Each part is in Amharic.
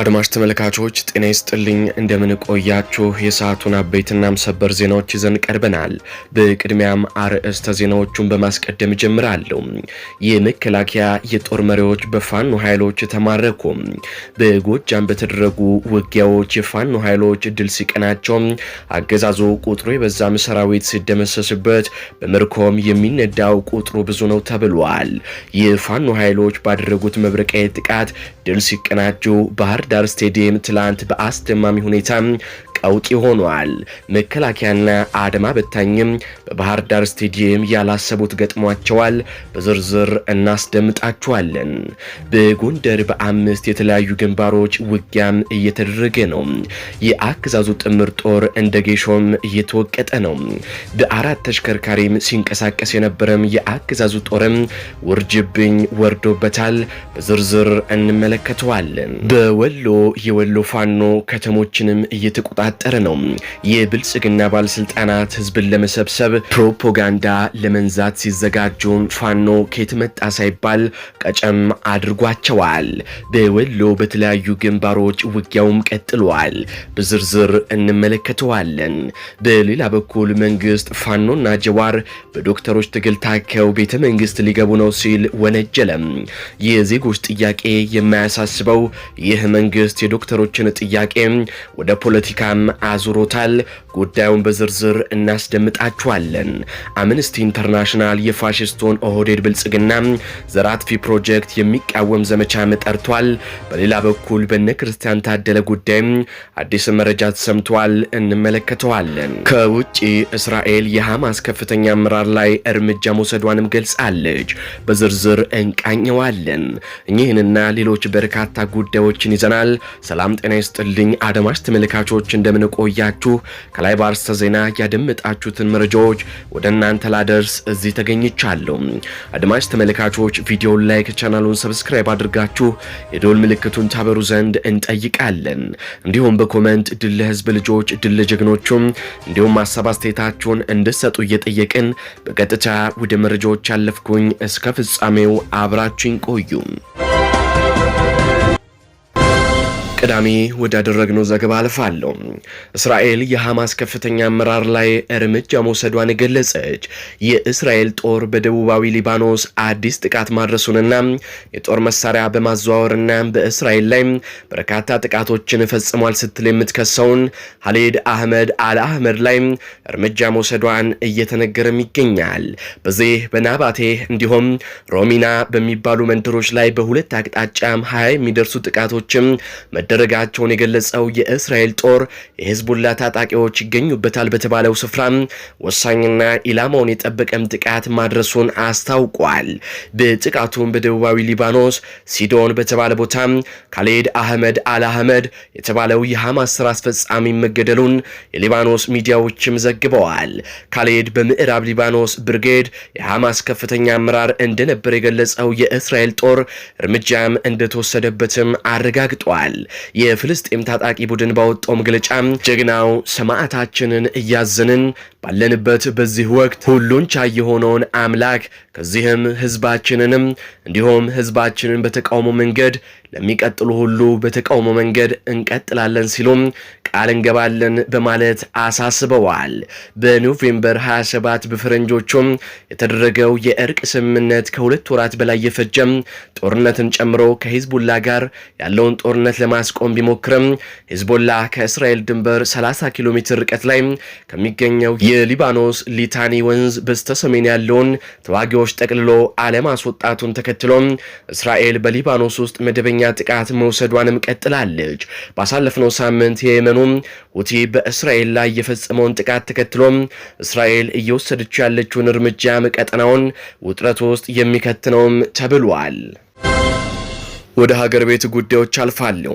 አድማጭ ተመልካቾች ጤና ይስጥልኝ፣ እንደምንቆያችሁ የሰዓቱን አበይትና ሰበር ዜናዎች ይዘን ቀርበናል። በቅድሚያም አርዕስተ ዜናዎቹን በማስቀደም ጀምራለሁ። የመከላከያ የጦር መሪዎች በፋኖ ኃይሎች ተማረኩ። በጎጃም በተደረጉ ውጊያዎች የፋኖ ኃይሎች ድል ሲቀናቸው፣ አገዛዙ ቁጥሩ የበዛም ሰራዊት ሲደመሰስበት፣ በምርኮም የሚነዳው ቁጥሩ ብዙ ነው ተብሏል። የፋኖ ኃይሎች ባደረጉት መብረቃዊ ጥቃት ድል ሲቀናጁ ባህር ባህር ዳር ስቴዲየም ትላንት በአስደማሚ ሁኔታ ቀውጢ ሆኗል። መከላከያና አድማ በታኝም በባህር ዳር ስቴዲየም ያላሰቡት ገጥሟቸዋል። በዝርዝር እናስደምጣችኋለን። በጎንደር በአምስት የተለያዩ ግንባሮች ውጊያም እየተደረገ ነው። የአገዛዙ ጥምር ጦር እንደ ጌሾም እየተወቀጠ ነው። በአራት ተሽከርካሪም ሲንቀሳቀስ የነበረም የአገዛዙ ጦርም ውርጅብኝ ወርዶበታል። በዝርዝር እንመለከተዋለን። በወሎ የወሎ ፋኖ ከተሞችንም እየተቆጣ እየተነጣጠረ ነው። የብልጽግና ባለስልጣናት ህዝብን ለመሰብሰብ ፕሮፓጋንዳ ለመንዛት ሲዘጋጁ ፋኖ ከየት መጣ ሳይባል ቀጨም አድርጓቸዋል። በወሎ በተለያዩ ግንባሮች ውጊያውም ቀጥሏል። በዝርዝር እንመለከተዋለን። በሌላ በኩል መንግስት ፋኖና ጀዋር በዶክተሮች ትግል ታከው ቤተ መንግስት ሊገቡ ነው ሲል ወነጀለም። የዜጎች ጥያቄ የማያሳስበው ይህ መንግስት የዶክተሮችን ጥያቄ ወደ ፖለቲካም አዙሮታል። ጉዳዩን በዝርዝር እናስደምጣችኋለን። አምነስቲ ኢንተርናሽናል የፋሽስቱን ኦህዴድ ብልጽግና ዘራትፊ ፕሮጀክት የሚቃወም ዘመቻ ጠርቷል። በሌላ በኩል በነ ክርስቲያን ታደለ ጉዳይም አዲስ መረጃ ተሰምቷል፣ እንመለከተዋለን። ከውጭ እስራኤል የሐማስ ከፍተኛ አመራር ላይ እርምጃ መውሰዷንም ገልጻለች። በዝርዝር እንቃኘዋለን። እኚህንና ሌሎች በርካታ ጉዳዮችን ይዘናል። ሰላም ጤና ይስጥልኝ አድማጭ ተመልካቾች እንደ እንደምን ቆያችሁ። ከላይ በአርዕስተ ዜና ያደመጣችሁትን መረጃዎች ወደ እናንተ ላደርስ እዚህ ተገኝቻለሁ። አድማጭ ተመልካቾች ቪዲዮውን ላይክ፣ ቻናሉን ሰብስክራይብ አድርጋችሁ የዶል ምልክቱን ታበሩ ዘንድ እንጠይቃለን። እንዲሁም በኮመንት ድል ለህዝብ ልጆች ድል ለጀግኖቹም እንዲሁም ሀሳብ አስተያየታችሁን እንድሰጡ እየጠየቅን በቀጥታ ወደ መረጃዎች ያለፍኩኝ እስከ ፍጻሜው አብራችኝ ቆዩ። ቀዳሚ ወዳደረግነው ዘገባ አልፋለሁ። እስራኤል የሐማስ ከፍተኛ አመራር ላይ እርምጃ መውሰዷን ገለጸች። የእስራኤል ጦር በደቡባዊ ሊባኖስ አዲስ ጥቃት ማድረሱንና የጦር መሳሪያ በማዘዋወርና በእስራኤል ላይ በርካታ ጥቃቶችን ፈጽሟል ስትል የምትከሰውን ሀሌድ አህመድ አልአህመድ ላይ እርምጃ መውሰዷን እየተነገረም ይገኛል። በዚህ በናባቴ እንዲሁም ሮሚና በሚባሉ መንደሮች ላይ በሁለት አቅጣጫ ሀያ የሚደርሱ ጥቃቶችም መደረጋቸውን የገለጸው የእስራኤል ጦር የህዝቡላ ታጣቂዎች ይገኙበታል በተባለው ስፍራም ወሳኝና ኢላማውን የጠበቀም ጥቃት ማድረሱን አስታውቋል። በጥቃቱም በደቡባዊ ሊባኖስ ሲዶን በተባለ ቦታም ካሌድ አህመድ አል አህመድ የተባለው የሐማስ ስራ አስፈጻሚ መገደሉን የሊባኖስ ሚዲያዎችም ዘግበዋል። ካሌድ በምዕራብ ሊባኖስ ብርጌድ የሐማስ ከፍተኛ አመራር እንደነበር የገለጸው የእስራኤል ጦር እርምጃም እንደተወሰደበትም አረጋግጧል። የፍልስጤም ታጣቂ ቡድን ባወጣው መግለጫ ጀግናው ሰማዕታችንን እያዘንን ባለንበት በዚህ ወቅት ሁሉን ቻይ የሆነውን አምላክ ከዚህም ህዝባችንንም እንዲሁም ህዝባችንን በተቃውሞ መንገድ ለሚቀጥሉ ሁሉ በተቃውሞ መንገድ እንቀጥላለን ሲሉም ቃል እንገባለን በማለት አሳስበዋል። በኖቬምበር 27 በፈረንጆቹም የተደረገው የእርቅ ስምምነት ከሁለት ወራት በላይ የፈጀም ጦርነትን ጨምሮ ከሂዝቡላ ጋር ያለውን ጦርነት ለማስቆም ቢሞክርም ሂዝቦላ ከእስራኤል ድንበር 30 ኪሎ ሜትር ርቀት ላይ ከሚገኘው የሊባኖስ ሊታኒ ወንዝ በስተሰሜን ያለውን ተዋጊዎች ጠቅልሎ አለማስወጣቱን ተከትሎ እስራኤል በሊባኖስ ውስጥ መደበኛ ጥቃት መውሰዷንም ቀጥላለች። ባሳለፍነው ሳምንት የየመኑ ሁቲ በእስራኤል ላይ የፈጸመውን ጥቃት ተከትሎም እስራኤል እየወሰደች ያለችውን እርምጃ ቀጠናውን ውጥረት ውስጥ የሚከትነውም ተብሏል። ወደ ሀገር ቤት ጉዳዮች አልፋለሁ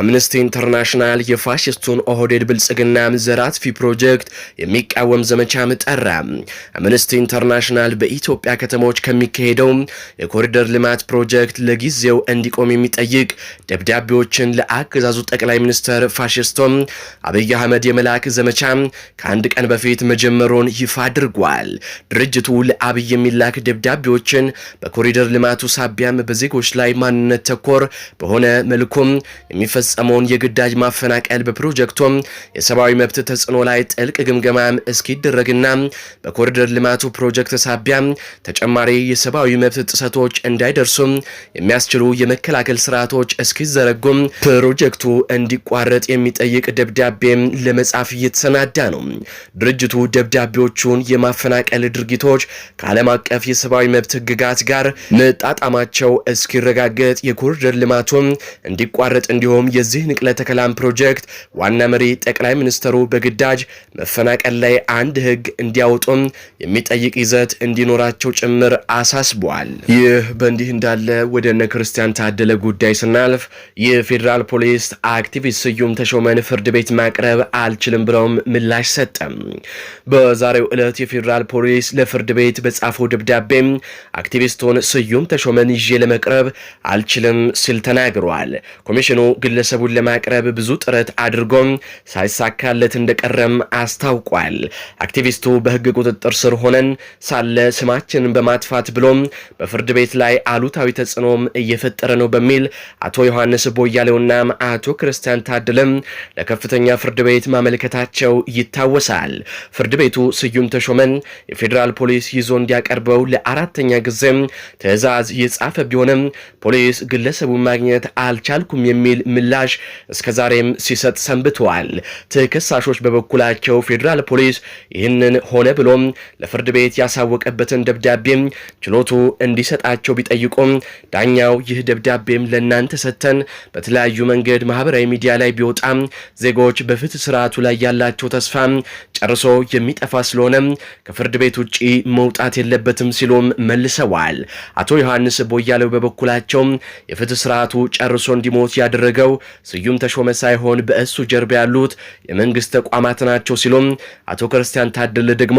አምነስቲ ኢንተርናሽናል የፋሽስቱን ኦህዴድ ብልጽግና ዘራትፊ ፕሮጀክት የሚቃወም ዘመቻም ጠራ። አምነስቲ ኢንተርናሽናል በኢትዮጵያ ከተሞች ከሚካሄደው የኮሪደር ልማት ፕሮጀክት ለጊዜው እንዲቆም የሚጠይቅ ደብዳቤዎችን ለአገዛዙ ጠቅላይ ሚኒስትር ፋሽስቶም አብይ አህመድ የመላክ ዘመቻ ከአንድ ቀን በፊት መጀመሩን ይፋ አድርጓል። ድርጅቱ ለአብይ የሚላክ ደብዳቤዎችን በኮሪደር ልማቱ ሳቢያም በዜጎች ላይ ማንነት ተኮር በሆነ መልኩም የሚፈጸመውን የግዳጅ ማፈናቀል በፕሮጀክቱም የሰብአዊ መብት ተጽዕኖ ላይ ጥልቅ ግምገማ እስኪደረግና በኮሪደር ልማቱ ፕሮጀክት ሳቢያ ተጨማሪ የሰብአዊ መብት ጥሰቶች እንዳይደርሱም የሚያስችሉ የመከላከል ስርዓቶች እስኪዘረጉም ፕሮጀክቱ እንዲቋረጥ የሚጠይቅ ደብዳቤም ለመጻፍ እየተሰናዳ ነው። ድርጅቱ ደብዳቤዎቹን የማፈናቀል ድርጊቶች ከዓለም አቀፍ የሰብአዊ መብት ህግጋት ጋር መጣጣማቸው እስኪረጋገጥ የኮሪደር ልማቱም እንዲቋረጥ እንዲሁም የዚህ ንቅለ ተከላም ፕሮጀክት ዋና መሪ ጠቅላይ ሚኒስትሩ በግዳጅ መፈናቀል ላይ አንድ ህግ እንዲያወጡም የሚጠይቅ ይዘት እንዲኖራቸው ጭምር አሳስቧል። ይህ በእንዲህ እንዳለ ወደ እነ ክርስቲያን ታደለ ጉዳይ ስናልፍ የፌዴራል ፖሊስ አክቲቪስት ስዩም ተሾመን ፍርድ ቤት ማቅረብ አልችልም ብለውም ምላሽ ሰጠም። በዛሬው ዕለት የፌዴራል ፖሊስ ለፍርድ ቤት በጻፈው ደብዳቤ አክቲቪስቱን ስዩም ተሾመን ይዤ ለመቅረብ አልችልም አይችልም ሲል ተናግሯል። ኮሚሽኑ ግለሰቡን ለማቅረብ ብዙ ጥረት አድርጎም ሳይሳካለት እንደቀረም አስታውቋል። አክቲቪስቱ በሕግ ቁጥጥር ስር ሆነን ሳለ ስማችንን በማጥፋት ብሎም በፍርድ ቤት ላይ አሉታዊ ተጽዕኖም እየፈጠረ ነው በሚል አቶ ዮሐንስ ቦያሌውና አቶ ክርስቲያን ታድለም ለከፍተኛ ፍርድ ቤት ማመልከታቸው ይታወሳል። ፍርድ ቤቱ ስዩም ተሾመን የፌዴራል ፖሊስ ይዞ እንዲያቀርበው ለአራተኛ ጊዜም ትዕዛዝ የጻፈ ቢሆንም ፖሊስ ግለሰቡን ማግኘት አልቻልኩም የሚል ምላሽ እስከዛሬም ሲሰጥ ሰንብተዋል። ተከሳሾች በበኩላቸው ፌዴራል ፖሊስ ይህንን ሆነ ብሎም ለፍርድ ቤት ያሳወቀበትን ደብዳቤም ችሎቱ እንዲሰጣቸው ቢጠይቁም ዳኛው ይህ ደብዳቤም ለእናንተ ሰጥተን በተለያዩ መንገድ ማህበራዊ ሚዲያ ላይ ቢወጣም ዜጎች በፍትህ ስርዓቱ ላይ ያላቸው ተስፋ ጨርሶ የሚጠፋ ስለሆነ ከፍርድ ቤት ውጭ መውጣት የለበትም ሲሉም መልሰዋል። አቶ ዮሐንስ ቦያለው በበኩላቸው የፍትህ ስርዓቱ ጨርሶ እንዲሞት ያደረገው ስዩም ተሾመ ሳይሆን በእሱ ጀርባ ያሉት የመንግስት ተቋማት ናቸው ሲሉም አቶ ክርስቲያን ታደለ ደግሞ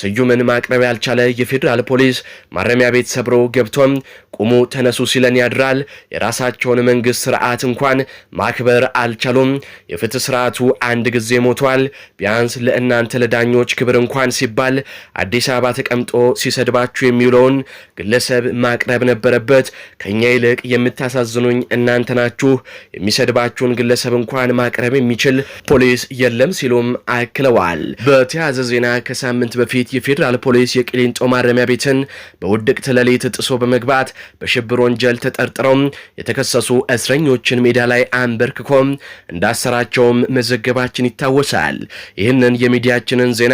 ስዩምን ማቅረብ ያልቻለ የፌዴራል ፖሊስ ማረሚያ ቤት ሰብሮ ገብቶም ቁሙ ተነሱ ሲለን ያድራል። የራሳቸውን መንግስት ስርዓት እንኳን ማክበር አልቻሉም። የፍትህ ስርዓቱ አንድ ጊዜ ሞቷል። ቢያንስ ለእናንተ ለዳኞች ክብር እንኳን ሲባል አዲስ አበባ ተቀምጦ ሲሰድባችሁ የሚውለውን ግለሰብ ማቅረብ ነበረበት። ከእኛ ይልቅ የምታሳዝኑኝ እናንተ ናችሁ። የሚሰድባችሁን ግለሰብ እንኳን ማቅረብ የሚችል ፖሊስ የለም ሲሉም አክለዋል። በተያያዘ ዜና ከሳምንት በፊት የፌዴራል ፖሊስ የቅሊንጦ ማረሚያ ቤትን በውድቅት ሌሊት ጥሶ በመግባት በሽብር ወንጀል ተጠርጥረው የተከሰሱ እስረኞችን ሜዳ ላይ አንበርክኮም እንዳሰራቸውም መዘገባችን ይታወሳል። ይህንን የሚዲያችንን ዜና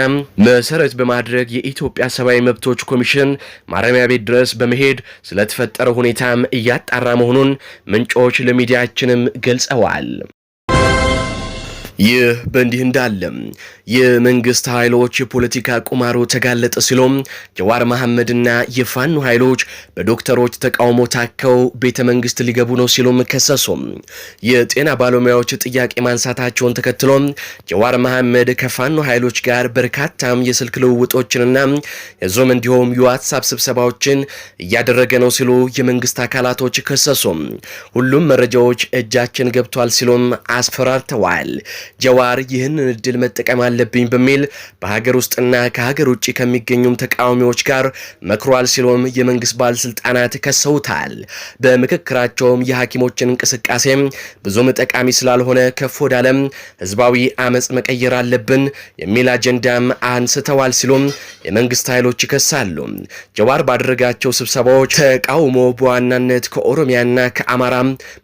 መሰረት በማድረግ የኢትዮጵያ ሰብአዊ መብቶች ኮሚሽን ማረሚያ ቤት ድረስ በመሄድ ስለተፈጠረ ሁኔታም እያጣራ መሆኑን ምንጮች ለሚዲያችንም ገልጸዋል። ይህ በእንዲህ እንዳለ የመንግስት ኃይሎች የፖለቲካ ቁማሮ ተጋለጠ ሲሎም ጀዋር መሐመድና የፋኖ ኃይሎች በዶክተሮች ተቃውሞ ታከው ቤተ መንግስት ሊገቡ ነው ሲሉም ከሰሱ። የጤና ባለሙያዎች ጥያቄ ማንሳታቸውን ተከትሎ ጀዋር መሐመድ ከፋኖ ኃይሎች ጋር በርካታም የስልክ ልውውጦችንና የዞም እንዲሁም የዋትሳፕ ስብሰባዎችን እያደረገ ነው ሲሉ የመንግስት አካላቶች ከሰሱ። ሁሉም መረጃዎች እጃችን ገብቷል ሲሉም አስፈራርተዋል። ጀዋር ይህንን እድል መጠቀም አለብኝ በሚል በሀገር ውስጥና ከሀገር ውጭ ከሚገኙም ተቃዋሚዎች ጋር መክሯል ሲሉም የመንግስት ባለስልጣናት ከሰውታል። በምክክራቸውም የሐኪሞችን እንቅስቃሴም ብዙም ጠቃሚ ስላልሆነ ከፍ ወዳለም ህዝባዊ አመፅ መቀየር አለብን የሚል አጀንዳም አንስተዋል ሲሉም የመንግስት ኃይሎች ይከሳሉ። ጀዋር ባደረጋቸው ስብሰባዎች ተቃውሞ በዋናነት ከኦሮሚያና ከአማራ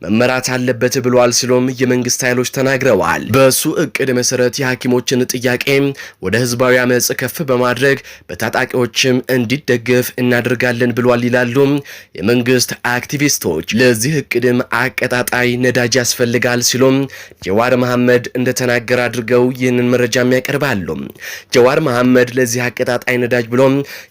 መመራት አለበት ብሏል ሲሉም የመንግስት ኃይሎች ተናግረዋል። በሱ እቅድ መሰረት የሐኪሞችን ጥያቄ ወደ ህዝባዊ አመፅ ከፍ በማድረግ በታጣቂዎችም እንዲደገፍ እናደርጋለን ብሏል ይላሉ የመንግስት አክቲቪስቶች። ለዚህ እቅድም አቀጣጣይ ነዳጅ ያስፈልጋል ሲሉም ጀዋር መሐመድ እንደተናገረ አድርገው ይህንን መረጃም ያቀርባሉ። ጀዋር መሐመድ ለዚህ አቀጣጣይ ነዳጅ ብሎ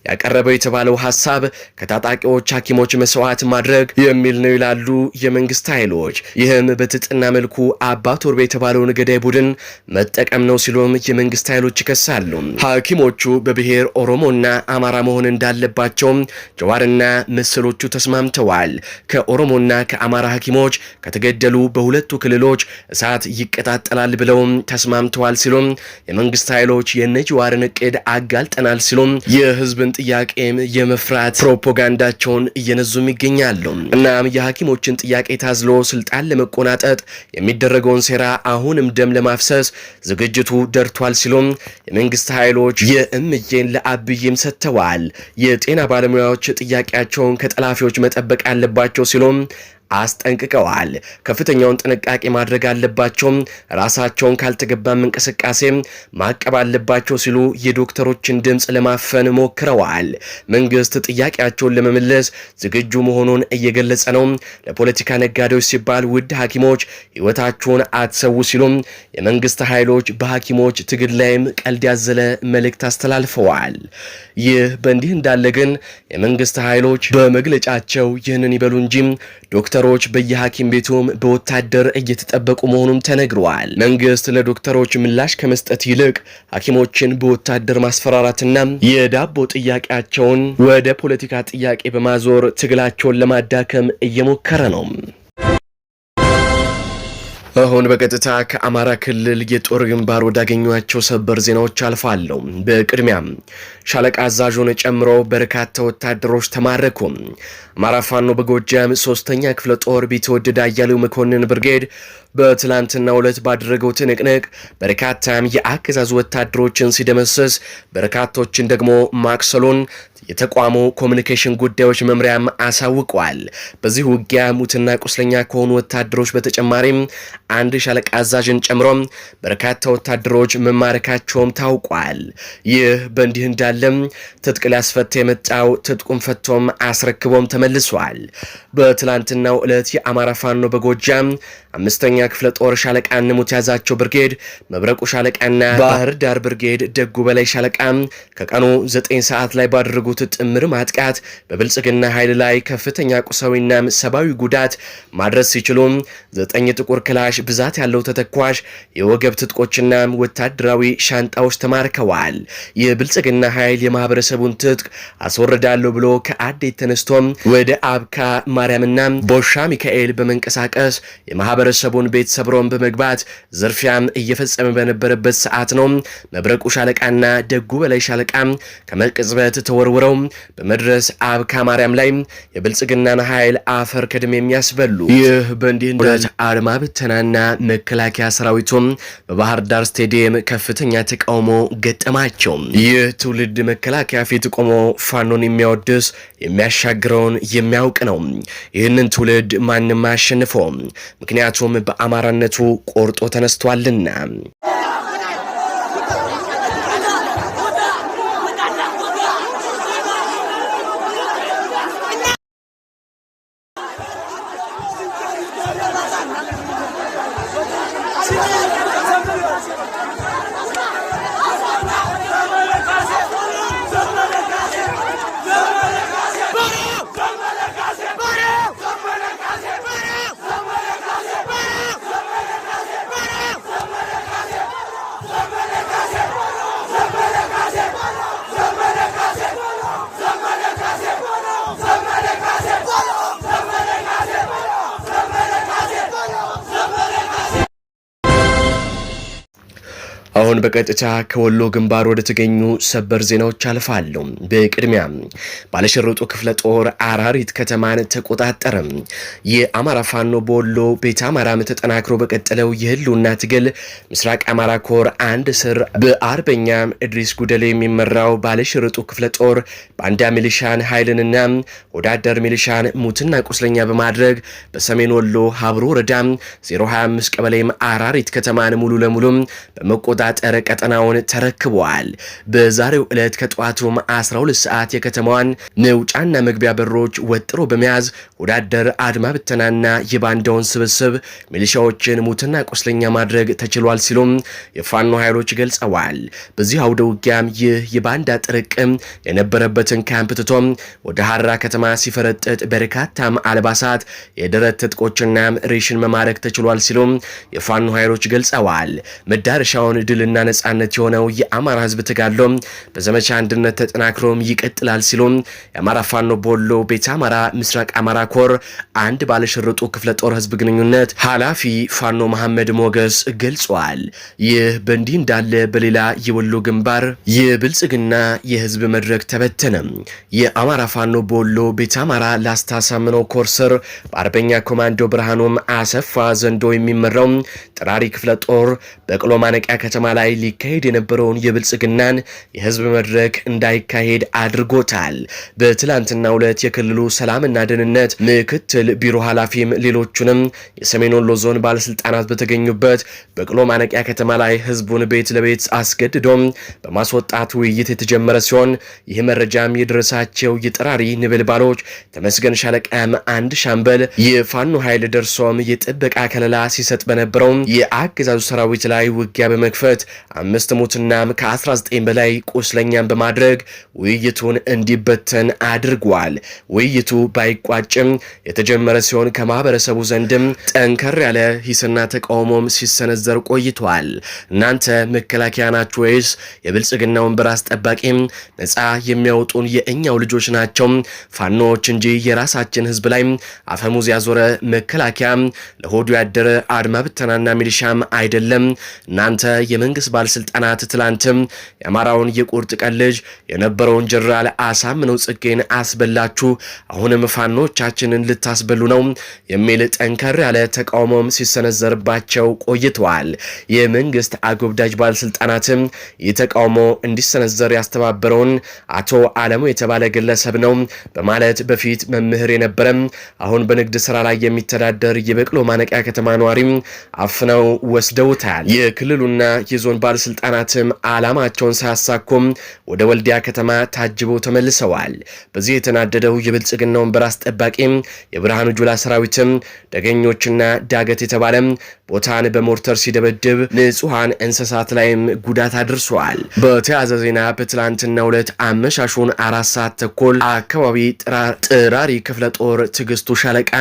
ያቀረበው የተባለው ሀሳብ ከታጣቂዎች ሐኪሞች መስዋዕት ማድረግ የሚል ነው ይላሉ የመንግስት ኃይሎች። ይህም በትጥና መልኩ አባቶርቤ ቶርቤ የተባለውን ገዳይ ቡድን መጠቀም ነው ሲሉም የመንግስት ኃይሎች ይከሳሉ። ሐኪሞቹ በብሔር ኦሮሞና አማራ መሆን እንዳለባቸውም ጀዋርና መሰሎቹ ተስማምተዋል። ከኦሮሞና ከአማራ ሐኪሞች ከተገደሉ በሁለቱ ክልሎች እሳት ይቀጣጠላል ብለውም ተስማምተዋል ሲሉም የመንግስት ኃይሎች የነጅዋርን እቅድ አጋልጠናል ሲሉም የህዝብን ጥያቄም የመፍራት ፕሮፓጋንዳቸውን እየነዙም ይገኛሉ። እናም የሐኪሞችን ጥያቄ ታዝሎ ስልጣን ለመቆናጠጥ የሚደረገውን ሴራ አሁንም ደም ለማፍሰስ ዝግጅቱ ደርቷል ሲሉም የመንግስት ኃይሎች የእምጄን ለአብይም ሰጥተዋል። የጤና ባለሙያዎች ጥያቄያቸውን ከጠላፊዎች መጠበቅ አለባቸው ሲሉም አስጠንቅቀዋል። ከፍተኛውን ጥንቃቄ ማድረግ አለባቸውም፣ ራሳቸውን ካልተገባም እንቅስቃሴ ማቀብ አለባቸው ሲሉ የዶክተሮችን ድምፅ ለማፈን ሞክረዋል። መንግስት ጥያቄያቸውን ለመመለስ ዝግጁ መሆኑን እየገለጸ ነው። ለፖለቲካ ነጋዴዎች ሲባል ውድ ሐኪሞች ህይወታችሁን አትሰው ሲሉም የመንግስት ኃይሎች በሐኪሞች ትግል ላይም ቀልድ ያዘለ መልእክት አስተላልፈዋል። ይህ በእንዲህ እንዳለ ግን የመንግስት ኃይሎች በመግለጫቸው ይህንን ይበሉ እንጂ ዶክተር ዶክተሮች በየሐኪም ቤቱም በወታደር እየተጠበቁ መሆኑም ተነግረዋል። መንግስት ለዶክተሮች ምላሽ ከመስጠት ይልቅ ሐኪሞችን በወታደር ማስፈራራትና የዳቦ ጥያቄያቸውን ወደ ፖለቲካ ጥያቄ በማዞር ትግላቸውን ለማዳከም እየሞከረ ነው። አሁን በቀጥታ ከአማራ ክልል የጦር ግንባር ወዳገኟቸው ሰበር ዜናዎች አልፋለሁ። በቅድሚያም ሻለቃ አዛዡን ጨምሮ በርካታ ወታደሮች ተማረኩ። አማራ ፋኖ በጎጃም ሶስተኛ ክፍለ ጦር ቢትወደድ አያሌው መኮንን ብርጌድ በትላንትና ዕለት ባደረገው ትንቅንቅ በርካታም የአገዛዙ ወታደሮችን ሲደመሰስ በርካቶችን ደግሞ ማክሰሉን የተቋሙ ኮሚኒኬሽን ጉዳዮች መምሪያም አሳውቋል። በዚህ ውጊያ ሙትና ቁስለኛ ከሆኑ ወታደሮች በተጨማሪም አንድ ሻለቃ አዛዥን ጨምሮ በርካታ ወታደሮች መማረካቸውም ታውቋል። ይህ በእንዲህ እንዳለም ትጥቅ ሊያስፈታ የመጣው ትጥቁን ፈቶም አስረክቦም ተመልሷል። በትላንትናው ዕለት የአማራ ፋኖ በጎጃም አምስተኛ ክፍለ ጦር ሻለቃ ንሙት ያዛቸው ብርጌድ፣ መብረቁ ሻለቃና ባህር ዳር ብርጌድ ደጉ በላይ ሻለቃ ከቀኑ 9 ሰዓት ላይ ባደረጉ ባደረጉት ጥምር ማጥቃት በብልጽግና ኃይል ላይ ከፍተኛ ቁሳዊና ሰብአዊ ጉዳት ማድረስ ሲችሉም ዘጠኝ ጥቁር ክላሽ ብዛት ያለው ተተኳሽ የወገብ ትጥቆችና ወታደራዊ ሻንጣዎች ተማርከዋል። የብልጽግና ኃይል የማህበረሰቡን ትጥቅ አስወርዳለሁ ብሎ ከአዴት ተነስቶም ወደ አብካ ማርያምና ቦሻ ሚካኤል በመንቀሳቀስ የማህበረሰቡን ቤት ሰብሮን በመግባት ዝርፊያም እየፈጸመ በነበረበት ሰዓት ነው መብረቁ ሻለቃና ደጉ በላይ ሻለቃ ከመቅጽበት ተወርወ ተዘዋውረው በመድረስ አብ ከማርያም ላይ የብልጽግናን ኃይል አፈር ከድሜ የሚያስበሉ ይህ በእንዲህ ሁለት አድማ ብተናና መከላከያ ሰራዊቱም በባህር ዳር ስቴዲየም ከፍተኛ ተቃውሞ ገጠማቸው። ይህ ትውልድ መከላከያ ፊት ቆሞ ፋኖን የሚያወድስ የሚያሻግረውን የሚያውቅ ነው። ይህንን ትውልድ ማንም አያሸንፈውም። ምክንያቱም በአማራነቱ ቆርጦ ተነስቷልና። አሁን በቀጥታ ከወሎ ግንባር ወደ ተገኙ ሰበር ዜናዎች አልፋለሁ። በቅድሚያ ባለሸርጡ ክፍለ ጦር አራሪት ከተማን ተቆጣጠረ። የአማራ ፋኖ በወሎ ቤተ አማራም ተጠናክሮ በቀጠለው የህልውና ትግል ምስራቅ አማራ ኮር አንድ ስር በአርበኛ እድሪስ ጉደሌ የሚመራው ባለሸርጡ ክፍለ ጦር ባንዳ ሚሊሻን ኃይልንና ወዳደር ሚሊሻን ሙትና ቁስለኛ በማድረግ በሰሜን ወሎ ሀብሮ ወረዳ 025 ቀበሌም አራሪት ከተማን ሙሉ ለሙሉ በመቆጣ የመቆጣጠር ቀጠናውን ተረክበዋል። በዛሬው ዕለት ከጠዋቱም 12 ሰዓት የከተማዋን መውጫና መግቢያ በሮች ወጥሮ በመያዝ ወዳደር አድማ ብተናና የባንዳውን ስብስብ ሚሊሻዎችን ሙትና ቁስለኛ ማድረግ ተችሏል ሲሉም የፋኖ ኃይሎች ገልጸዋል። በዚህ አውደ ውጊያም ይህ የባንዳ ጥርቅም የነበረበትን ካምፕ ትቶም ወደ ሀራ ከተማ ሲፈረጥጥ በርካታም አልባሳት፣ የደረት ትጥቆችና ሬሽን መማረክ ተችሏል ሲሉም የፋኖ ኃይሎች ገልጸዋል። መዳረሻውን ድል ፍትህና ነጻነት የሆነው የአማራ ህዝብ ተጋድሎም በዘመቻ አንድነት ተጠናክሮም ይቀጥላል ሲሉም የአማራ ፋኖ ቦሎ ቤተ አማራ ምስራቅ አማራ ኮር አንድ ባለሽርጡ ክፍለ ጦር ህዝብ ግንኙነት ኃላፊ ፋኖ መሐመድ ሞገስ ገልጿል። ይህ በእንዲህ እንዳለ በሌላ የወሎ ግንባር የብልጽግና የህዝብ መድረክ ተበተነ። የአማራ ፋኖ ቦሎ ቤተ አማራ ላስታ ኮር ስር በአርበኛ ኮማንዶ ብርሃኑም አሰፋ ዘንዶ የሚመራው ጠራሪ ክፍለ ጦር በቅሎ ማነቂያ ከተማ ላይ ሊካሄድ የነበረውን የብልጽግናን የህዝብ መድረክ እንዳይካሄድ አድርጎታል። በትላንትናው ዕለት የክልሉ ሰላምና ደህንነት ምክትል ቢሮ ኃላፊም ሌሎቹንም የሰሜን ወሎ ዞን ባለስልጣናት በተገኙበት በቅሎ ማነቂያ ከተማ ላይ ህዝቡን ቤት ለቤት አስገድዶም በማስወጣት ውይይት የተጀመረ ሲሆን ይህ መረጃም የደረሳቸው የጠራሪ ንብልባሎች ተመስገን ሻለቃም አንድ ሻምበል የፋኖ ኃይል ደርሶም የጥበቃ ከለላ ሲሰጥ በነበረው የአገዛዙ ሰራዊት ላይ ውጊያ በመክፈት አምስት ሙትናም ከ19 በላይ ቁስለኛም በማድረግ ውይይቱን እንዲበተን አድርጓል። ውይይቱ ባይቋጭም የተጀመረ ሲሆን ከማህበረሰቡ ዘንድም ጠንከር ያለ ሂስና ተቃውሞም ሲሰነዘር ቆይቷል። እናንተ መከላከያ ናችሁ ወይስ የብልጽግና ወንበር አስጠባቂም ነፃ የሚያወጡን የእኛው ልጆች ናቸው ፋኖዎች እንጂ የራሳችን ህዝብ ላይ አፈሙዝ ያዞረ መከላከያ ለሆዱ ያደረ አድማ ብተናና ሚሊሻም አይደለም። እናንተ የመንግስት የመንግስት ባለስልጣናት ትላንትም የአማራውን የቁርጥ ቀን ልጅ የነበረውን ጀነራል አሳምነው ጽጌን አስበላችሁ፣ አሁንም ፋኖቻችንን ልታስበሉ ነው የሚል ጠንከር ያለ ተቃውሞም ሲሰነዘርባቸው ቆይተዋል። የመንግስት አጎብዳጅ ባለስልጣናትም ይህ ተቃውሞ እንዲሰነዘር ያስተባበረውን አቶ አለሙ የተባለ ግለሰብ ነው በማለት በፊት መምህር የነበረም አሁን በንግድ ስራ ላይ የሚተዳደር የበቅሎ ማነቂያ ከተማ ነዋሪም አፍነው ወስደውታል። የክልሉና የዞ ዞን ባለስልጣናትም አላማቸውን ሳያሳኩም ወደ ወልዲያ ከተማ ታጅበው ተመልሰዋል። በዚህ የተናደደው የብልጽግናውን በራስ ጠባቂ የብርሃኑ ጁላ ሰራዊትም ደገኞችና ዳገት የተባለ ቦታን በሞርተር ሲደበድብ ንጹሐን እንስሳት ላይም ጉዳት አድርሰዋል። በተያዘ ዜና በትላንትና ሁለት አመሻሹን አራት ሰዓት ተኩል አካባቢ ጥራሪ ክፍለ ጦር ትዕግስቱ ሻለቃ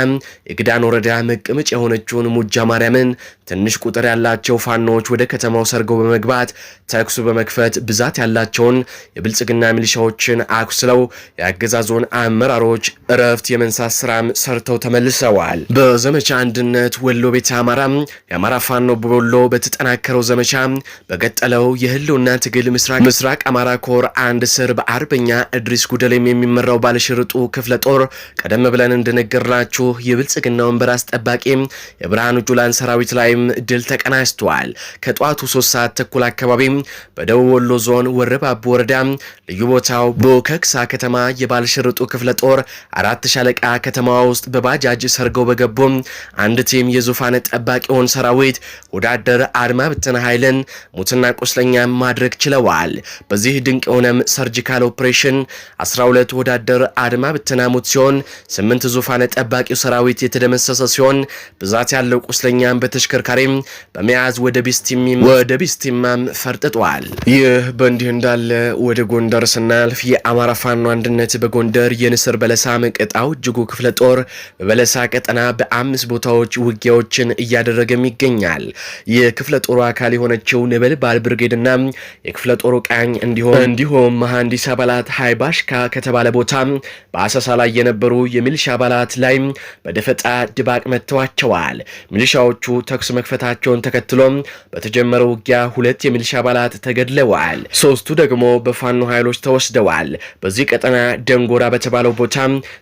የግዳን ወረዳ መቀመጫ የሆነችውን ሙጃ ማርያምን ትንሽ ቁጥር ያላቸው ፋኖዎች ወደ ከተማው ሰርገው በመግባት ተኩስ በመክፈት ብዛት ያላቸውን የብልጽግና ሚሊሻዎችን አኩስለው የአገዛዙን አመራሮች እረፍት የመንሳት ስራም ሰርተው ተመልሰዋል። በዘመቻ አንድነት ወሎ ቤተ አማራ የአማራ ፋኖ በወሎ በተጠናከረው ዘመቻ በቀጠለው የህልውና ትግል ምስራቅ አማራ ኮር አንድ ስር በአርበኛ እድሪስ ጉደሌም የሚመራው ባለሽርጡ ክፍለ ጦር ቀደም ብለን እንደነገርናችሁ የብልጽግናውን በራስ ጠባቂ የብርሃኑ ጁላን ሰራዊት ላይም ድል ተቀናጅተዋል። ከጠዋቱ ሶስት ሰዓት ተኩል አካባቢ በደቡብ ወሎ ዞን ወረባቦ ወረዳ ልዩ ቦታው በከክሳ ከተማ የባልሽርጡ ክፍለ ጦር አራት ሻለቃ ከተማ ውስጥ በባጃጅ ሰርገው በገቡ አንድ ቲም የዙፋን ጠባቂውን ሰራዊት ወዳደር አድማ ብትና ኃይልን ሙትና ቁስለኛ ማድረግ ችለዋል። በዚህ ድንቅ የሆነም ሰርጂካል ኦፕሬሽን 12 ወዳደር አድማ ብትና ሙት ሲሆን ስምንት ዙፋን ጠባቂው ሰራዊት የተደመሰሰ ሲሆን ብዛት ያለው ቁስለኛም በተሽከርካሪም በመያዝ ወደ ቢስቲሚ ወደ ቢስቲማም ፈርጥጧል። ይህ በእንዲህ እንዳለ ወደ ጎንደር ስናልፍ የአማራ ፋኖ አንድነት በጎንደር የንስር በለሳ መቀጣው እጅጉ ክፍለ ጦር በበለሳ ቀጠና በአምስት ቦታዎች ውጊያዎችን እያደረገም ይገኛል። የክፍለ ጦሩ አካል የሆነችው ነበልባል ብርጌድና የክፍለ ጦሩ ቃኝ እንዲሆን እንዲሁም መሐንዲስ አባላት ሃይባሽካ ከተባለ ቦታ በአሰሳ ላይ የነበሩ የሚሊሻ አባላት ላይ በደፈጣ ድባቅ መጥተዋቸዋል። ሚሊሻዎቹ ተኩስ መክፈታቸውን ተከትሎ በተጀመረው ውጊያ ውጊያ ሁለት የሚሊሻ አባላት ተገድለዋል፣ ሶስቱ ደግሞ በፋኖ ኃይሎች ተወስደዋል። በዚህ ቀጠና ደንጎራ በተባለው ቦታ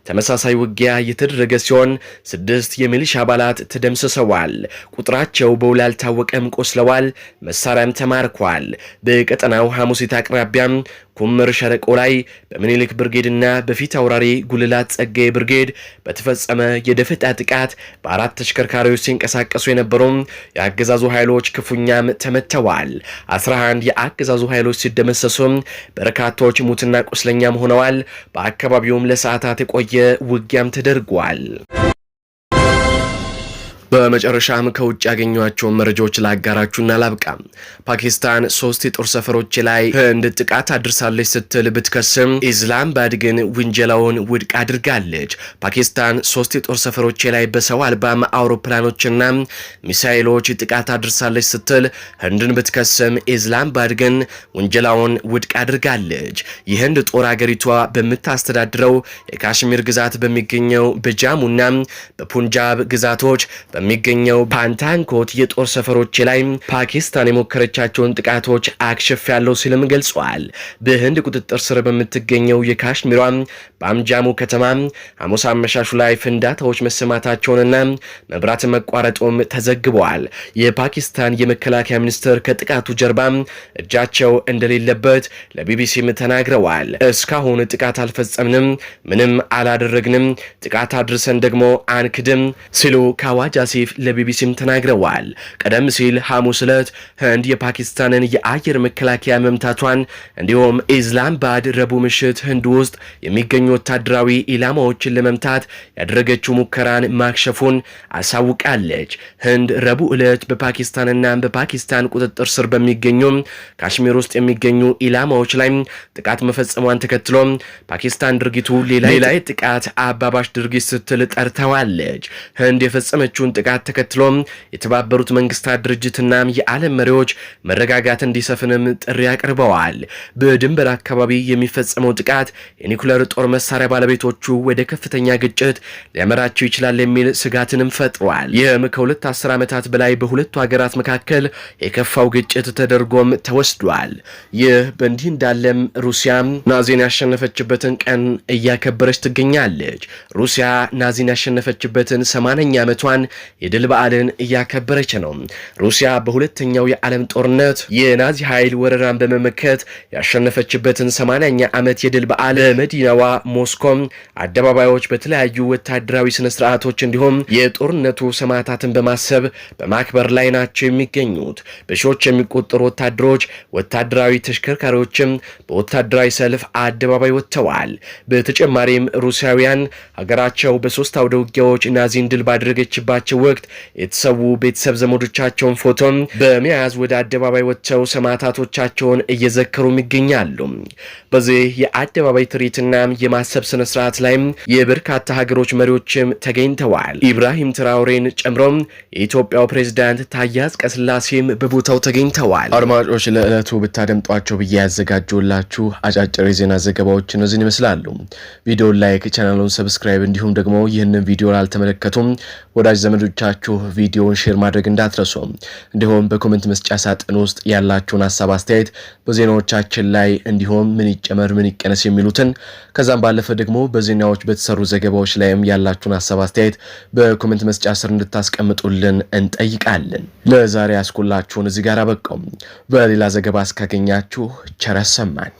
ተመሳሳይ ውጊያ የተደረገ ሲሆን ስድስት የሚሊሻ አባላት ተደምስሰዋል። ቁጥራቸው በውል አልታወቀም፣ ቆስለዋል፣ መሳሪያም ተማርኳል። በቀጠናው ሐሙሴት አቅራቢያም ኩምር ሸረቆ ላይ በምኒልክ ብርጌድና በፊት አውራሪ ጉልላት ጸጋ ብርጌድ በተፈጸመ የደፈጣ ጥቃት በአራት ተሽከርካሪዎች ሲንቀሳቀሱ የነበሩም የአገዛዙ ኃይሎች ክፉኛም ተመተዋል። 11 የአገዛዙ ኃይሎች ሲደመሰሱም በርካቶች ሙትና ቁስለኛም ሆነዋል። በአካባቢውም ለሰዓታት የቆየ ውጊያም ተደርጓል። በመጨረሻም ከውጭ ያገኟቸውን መረጃዎች ላጋራችሁና ላብቃ። ፓኪስታን ሶስት የጦር ሰፈሮች ላይ ህንድ ጥቃት አድርሳለች ስትል ብትከስም ኢስላማባድ ግን ውንጀላውን ውድቅ አድርጋለች። ፓኪስታን ሶስት የጦር ሰፈሮች ላይ በሰው አልባም አውሮፕላኖችና ሚሳይሎች ጥቃት አድርሳለች ስትል ህንድን ብትከስም ኢስላማባድ ግን ውንጀላውን ውድቅ አድርጋለች። የህንድ ጦር አገሪቷ በምታስተዳድረው የካሽሚር ግዛት በሚገኘው በጃሙና በፑንጃብ ግዛቶች በሚገኘው ፓንታንኮት የጦር ሰፈሮች ላይ ፓኪስታን የሞከረቻቸውን ጥቃቶች አክሸፍ ያለው ሲልም ገልጿል። በህንድ ቁጥጥር ስር በምትገኘው የካሽሚሯ በአምጃሙ ከተማ ሐሙስ አመሻሹ ላይ ፍንዳታዎች መሰማታቸውንና መብራት መቋረጡም ተዘግበዋል። የፓኪስታን የመከላከያ ሚኒስትር ከጥቃቱ ጀርባ እጃቸው እንደሌለበት ለቢቢሲም ተናግረዋል። እስካሁን ጥቃት አልፈጸምንም፣ ምንም አላደረግንም፣ ጥቃት አድርሰን ደግሞ አንክድም ሲሉ ከአዋጅ አሲፍ ለቢቢሲም ተናግረዋል። ቀደም ሲል ሐሙስ ዕለት ህንድ የፓኪስታንን የአየር መከላከያ መምታቷን እንዲሁም ኢዝላም ባድ ረቡዕ ምሽት ህንድ ውስጥ የሚገኙ ወታደራዊ ኢላማዎችን ለመምታት ያደረገችው ሙከራን ማክሸፉን አሳውቃለች። ህንድ ረቡዕ ዕለት በፓኪስታንና በፓኪስታን ቁጥጥር ስር በሚገኙ ካሽሚር ውስጥ የሚገኙ ኢላማዎች ላይ ጥቃት መፈጸሟን ተከትሎ ፓኪስታን ድርጊቱ ሌላ ጥቃት አባባሽ ድርጊት ስትል ጠርተዋለች። ህንድ የፈጸመችውን ጥቃት ተከትሎም የተባበሩት መንግስታት ድርጅትና የዓለም መሪዎች መረጋጋት እንዲሰፍንም ጥሪ አቅርበዋል። በድንበር አካባቢ የሚፈጸመው ጥቃት የኒኩለር ጦር መሳሪያ ባለቤቶቹ ወደ ከፍተኛ ግጭት ሊያመራቸው ይችላል የሚል ስጋትንም ፈጥሯል። ይህም ከሁለት አስር ዓመታት በላይ በሁለቱ ሀገራት መካከል የከፋው ግጭት ተደርጎም ተወስዷል። ይህ በእንዲህ እንዳለም ሩሲያም ናዚን ያሸነፈችበትን ቀን እያከበረች ትገኛለች። ሩሲያ ናዚን ያሸነፈችበትን ሰማንያ ዓመቷን የድል በዓልን እያከበረች ነው። ሩሲያ በሁለተኛው የዓለም ጦርነት የናዚ ኃይል ወረራን በመመከት ያሸነፈችበትን 80ኛ ዓመት የድል በዓል በመዲናዋ ሞስኮም አደባባዮች በተለያዩ ወታደራዊ ስነስርዓቶች እንዲሁም የጦርነቱ ሰማዕታትን በማሰብ በማክበር ላይ ናቸው የሚገኙት። በሺዎች የሚቆጠሩ ወታደሮች፣ ወታደራዊ ተሽከርካሪዎችም በወታደራዊ ሰልፍ አደባባይ ወጥተዋል። በተጨማሪም ሩሲያውያን ሀገራቸው በሶስት አውደ ውጊያዎች ናዚን ድል ባደረገችባቸው በበዓላቸው ወቅት የተሰዉ ቤተሰብ ዘመዶቻቸውን ፎቶም በመያዝ ወደ አደባባይ ወጥተው ሰማዕታቶቻቸውን እየዘከሩም ይገኛሉ። በዚህ የአደባባይ ትርኢትና የማሰብ ስነስርዓት ላይም የበርካታ ሀገሮች መሪዎችም ተገኝተዋል። ኢብራሂም ትራውሬን ጨምሮም የኢትዮጵያው ፕሬዝዳንት ታያዝ ቀስላሴም በቦታው ተገኝተዋል። አድማጮች ለዕለቱ ብታደምጧቸው ብዬ ያዘጋጀላችሁ አጫጭር የዜና ዘገባዎች እነዚህን ይመስላሉ። ቪዲዮን ላይክ፣ ቻናሉን ሰብስክራይብ እንዲሁም ደግሞ ይህንን ቪዲዮ ላልተመለከቱም ወዳጅ ዘመድ ለወዳጆቻችሁ ቪዲዮን ሼር ማድረግ እንዳትረሱ። እንዲሁም በኮመንት መስጫ ሳጥን ውስጥ ያላችሁን ሀሳብ አስተያየት፣ በዜናዎቻችን ላይ እንዲሁም ምን ይጨመር ምን ይቀነስ የሚሉትን ከዛም ባለፈ ደግሞ በዜናዎች በተሰሩ ዘገባዎች ላይም ያላችሁን ሀሳብ አስተያየት በኮሜንት መስጫ ስር እንድታስቀምጡልን እንጠይቃለን። ለዛሬ ያስኩላችሁን እዚህ ጋር በቃው። በሌላ ዘገባ እስካገኛችሁ ቸር ያሰማን።